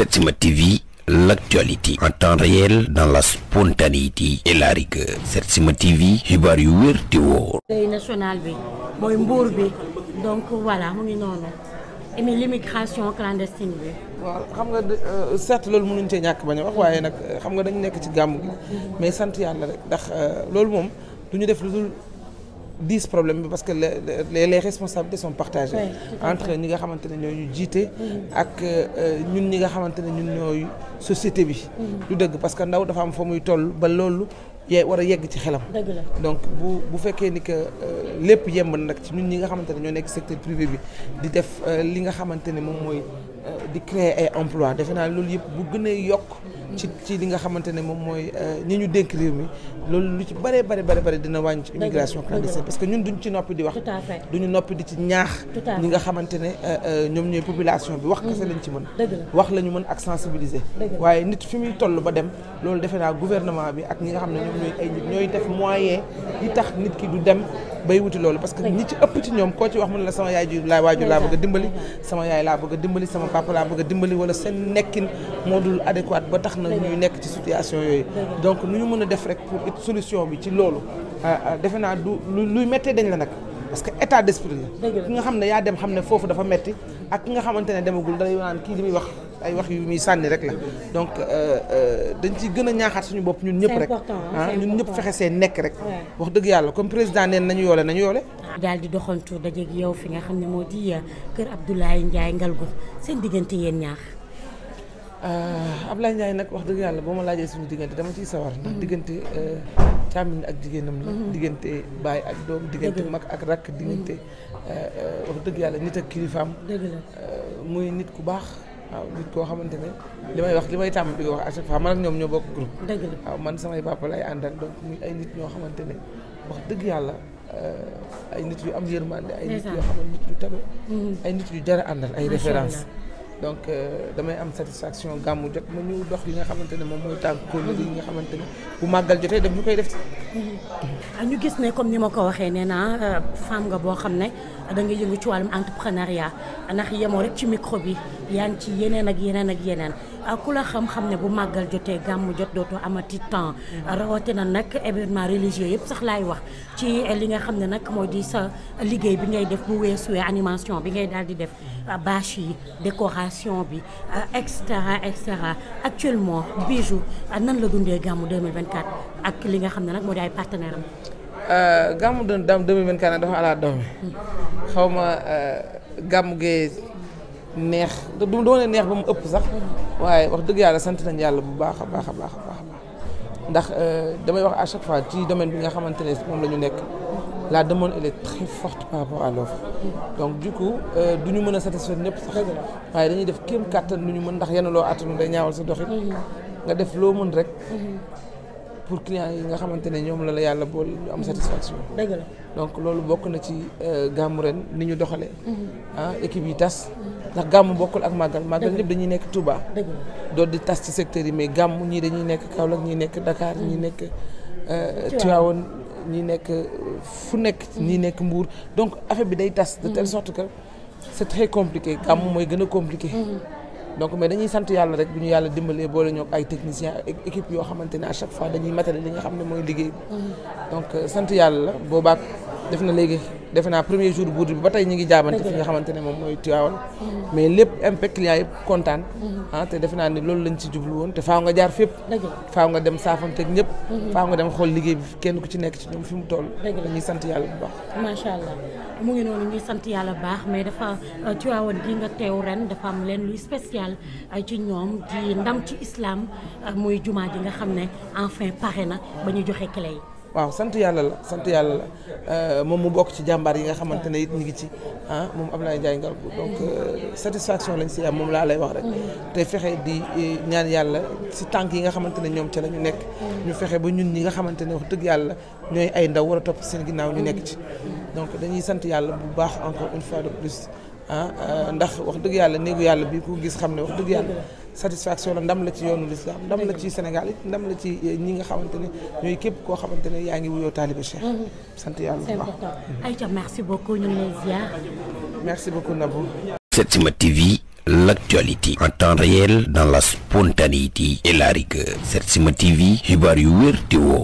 Setsima TV l'actualité en temps réel dans la spontanéité et la rigueur Setsima TV xibaar yu wér di wóor. deuil national bi mooy mbuur bi donc voilà mu ngi noonu et mais l'immigration clandestine bi. waaw xam nga euh, certes loolu mënuñ cee ñàkk bañ a wax waaye nag xam nga dañu nekk ci gàmm gi mm-hmm. mais sant yàlla rek ndax euh, loolu moom du ñu def lu dul. diis problème bi parce que les les responsabilités sont partagées. entre ñi nga xamante ne ñoo ñu jiite. Mhm. ak euh, ñun ñi nga xamante ne ñun ñooy société bi. lu mhm. dëgg parce que ndaw dafa am fa muy toll ba loolu yee war a yegg ci xelam. donc bu bu fekkee ni que euh, lépp yemb na nag ci ñun ñi nga xamante ne ñoo nekk secteur privé bi di def euh, li nga xamante ne moom mooy di créer ay emploi defe naa loolu yëpp bu gën a yokk. ci ci li nga xamante ne moom mooy ni euh, ñu dénk réew mi loolu lu ci bare bare bare bare dina wàññi ci immigration clandestine parce que ñun duñu ci noppi di wax duñu noppi di ci ñaax ñi nga xamante ne euh, euh, ñoom ñooy population bi wax kese mm-hmm. lañu ci mën wax la ñu mën ak sensibiliser waaye nit fi muy toll ba dem loolu defe naa gouvernement bi ak ñi nga xam ne ay nit ñooy def moyen yi tax nit ki du dem bay wuti loolu parce que ñi ci ëpp ci ñoom koo ci wax mu ne la sama yaay ju laa waajur laa bëgg dimbali sama yaay laa bëgg a dimbali sama papa laa bëgg a dimbali wala seen nekkin moo dul adéquate ba tax na ñuy nekk ci situation yooyu donc nu ñu mën a def rek pour solution bi ci loolu ah, ah, defe naa du luy mettee dañ la nag parce que état d'esprit la ki nga xam ne yaa dem xam ne foofu dafa metti ak ki nga xamante ne demagul dalay naan kii li muy wax ay wax yu muy sànni rek la donc euh, euh, dañ ci gën a ñaaxaat suñu bopp ñun ñëpp rek ah ñun ñëpp fexe seen nekk rek wax dëgg yàlla comme président neen nañu yoole nañu yoole ah, daal di doxantu dajeeg yow fi nga xam ne moo di euh, kër Abdoulaye Ndiaye Ngalgou seen diggante yéen ñaax Abdoulaye Ndiaye nag wax dëgg yàlla boo ma laajee suñu diggante dama ciy sawar ndax mm-hmm. diggante càmmiñ ak jigéenam la mm-hmm. diggante baay ak doom diggante mag ak rakk diggante mm-hmm. wax dëgg yàlla nit ak muy nit ku baax waaw nit koo xamante ne li may wax li may tàmm di ko wax à man ak ñoom ñoo bokk groupe. dëgg la waaw man samay papa ay àndal donc muy ay nit ñoo xamante ne wax dëgg yàlla euh, ay nit yu am yërmande. ay nit yoo xam ne nit yu tabe. Mm-hmm. ay nit yu jar a àndal ay références. donc euh, damay am satisfaction gàmmu jot ma ñu dox li nga xamante ne moom mooy tànk kóolóor yi nga xamante ne bu màggal jotee daf ñu koy def ci. Mm-hmm. ñu gis ne comme ni ma ko waxee nee naa euh, femme nga boo xam ne da nga yëngu ci wàllum entrepreneuriat ndax yemoo rek ci micro bi. yaa ngi ci yeneen ak yeneen ak ah, ku la xam-xam ne bu màggal jotee gàmmu jot dootoo amati temps mm. rawatina nag événement religieux yëpp sax laay wax ci li nga xam ne nag mooy di sa liggéey bi ngay def bu weesuwee animation bi ngay daal di def ah, bâche yi décoration bi ah, et cetera et cetera jour bijou nan la dundee gàmmu 2024 ak li nga xam ne nag moo di ay partenaire am euh, gàmmu dam 2024 dafa ala doome mm. xaw ma euh, gàmmu gee neex du ma ne neex ba mu ëpp sax waaye wax dëgg yàlla sant nañ yàlla bu baax a baax a baax a baax ndax euh, damay wax à chaque fois ci domaine bi nga xamante ne moom la ñu nekk laa demande elle est très forte par rapport à donc du euh, du ñu mën a satisfaire ñëpp sax waaye dañuy def kéem kàttan lu ñu mën ndax yenn loo attanu day ñaawal sa doxit mhm. nga def loo mën rek mhm. pour clients yi nga xamante ne ñoom la la yàlla bool ñu am satisfaction. dëgg donc loolu bokk na ci euh, gàmmu ren ni ñu doxalee. Mm-hmm. ah équipe yi tas. ndax gàmmu bokkul ak màggal màggal ñëpp dañuy nekk Touba. dëgg di tas ci secteur yi mais gàmmu ñii dañuy nekk Kaolack ñii nekk dakaar ñii mm-hmm. nekk. Euh, Tivaouane ñii nekk euh, fu nekk. Mm-hmm. ñii nekk Mbour donc affaire bi day tas. de telle sorte que c'est très compliqué gàmmu mooy gën a compliqué. donc mais dañuy sant yàlla rek bu ñu yàlla dimbalee boole ñoo ay techniciens ak équipe yoo xamante ne à chaque fois dañuy matale li nga xam ne mooy liggéey mm-hmm. donc euh, sant yàlla la boobaak def na léegi defe naa premier jour buur bi ba tey ñu ngi jaabante fi nga xamante ne moom mooy Tivaouane mais lépp impact client yëpp kontaan ah te defe naa ni loolu lañ ci jubluwoon te faaw nga jaar fépp faaw nga dem teg ñëpp faaw nga dem xool liggéey bi kenn ku ci nekk ci ñoom fi mu toll dañuy sant yàlla bu baax macha allah mu ngi sant yàlla bu baax mais dafa euh, Tivaouane gi nga teew ren dafa am leen luy spécial euh, ci ñoom di ndam ci islam muy jumaa ji nga xam ne enfin pare na ba ñu joxe clé waaw sant yàlla la sant yàlla la euh, moom mu bokk ci jàmbaar yi nga xamante ne it ñu ngi ci ah moom Ablaye Ndiaye Ngalgou donc euh, satisfaction lañ si am moom laa lay wax rek te fexe bi euh, ñaan yàlla si tànk yi nga xamante ne ñoom ca la ñu nekk ñu fexe ba ñun ñi nga xamante ne wax dëgg yàlla ñooy ay ndaw war a topp seen ginnaaw ñu nekk ci donc dañuy sant yàlla bu baax encore une fois de plus ah ndax wax dëgg yàlla néegu yàlla bi ku gis xam ne wax dëgg yàlla satisfaction la ndam la ci yoonu lislaam ndam la ci Sénégal ndam la ci eh, ñi nga xamante ne ñooy képp koo xamante ne yaa ngi wuyoo taaliba Cheikh. Mhm. sant yàlla bu baax Aïcha merci beaucoup ñu ngi lay ziar. merci beaucoup Nabou. Setsima TV l'actualité en temps réel dans la spontanéité et la rigueur Setsima TV xibaar yu wér te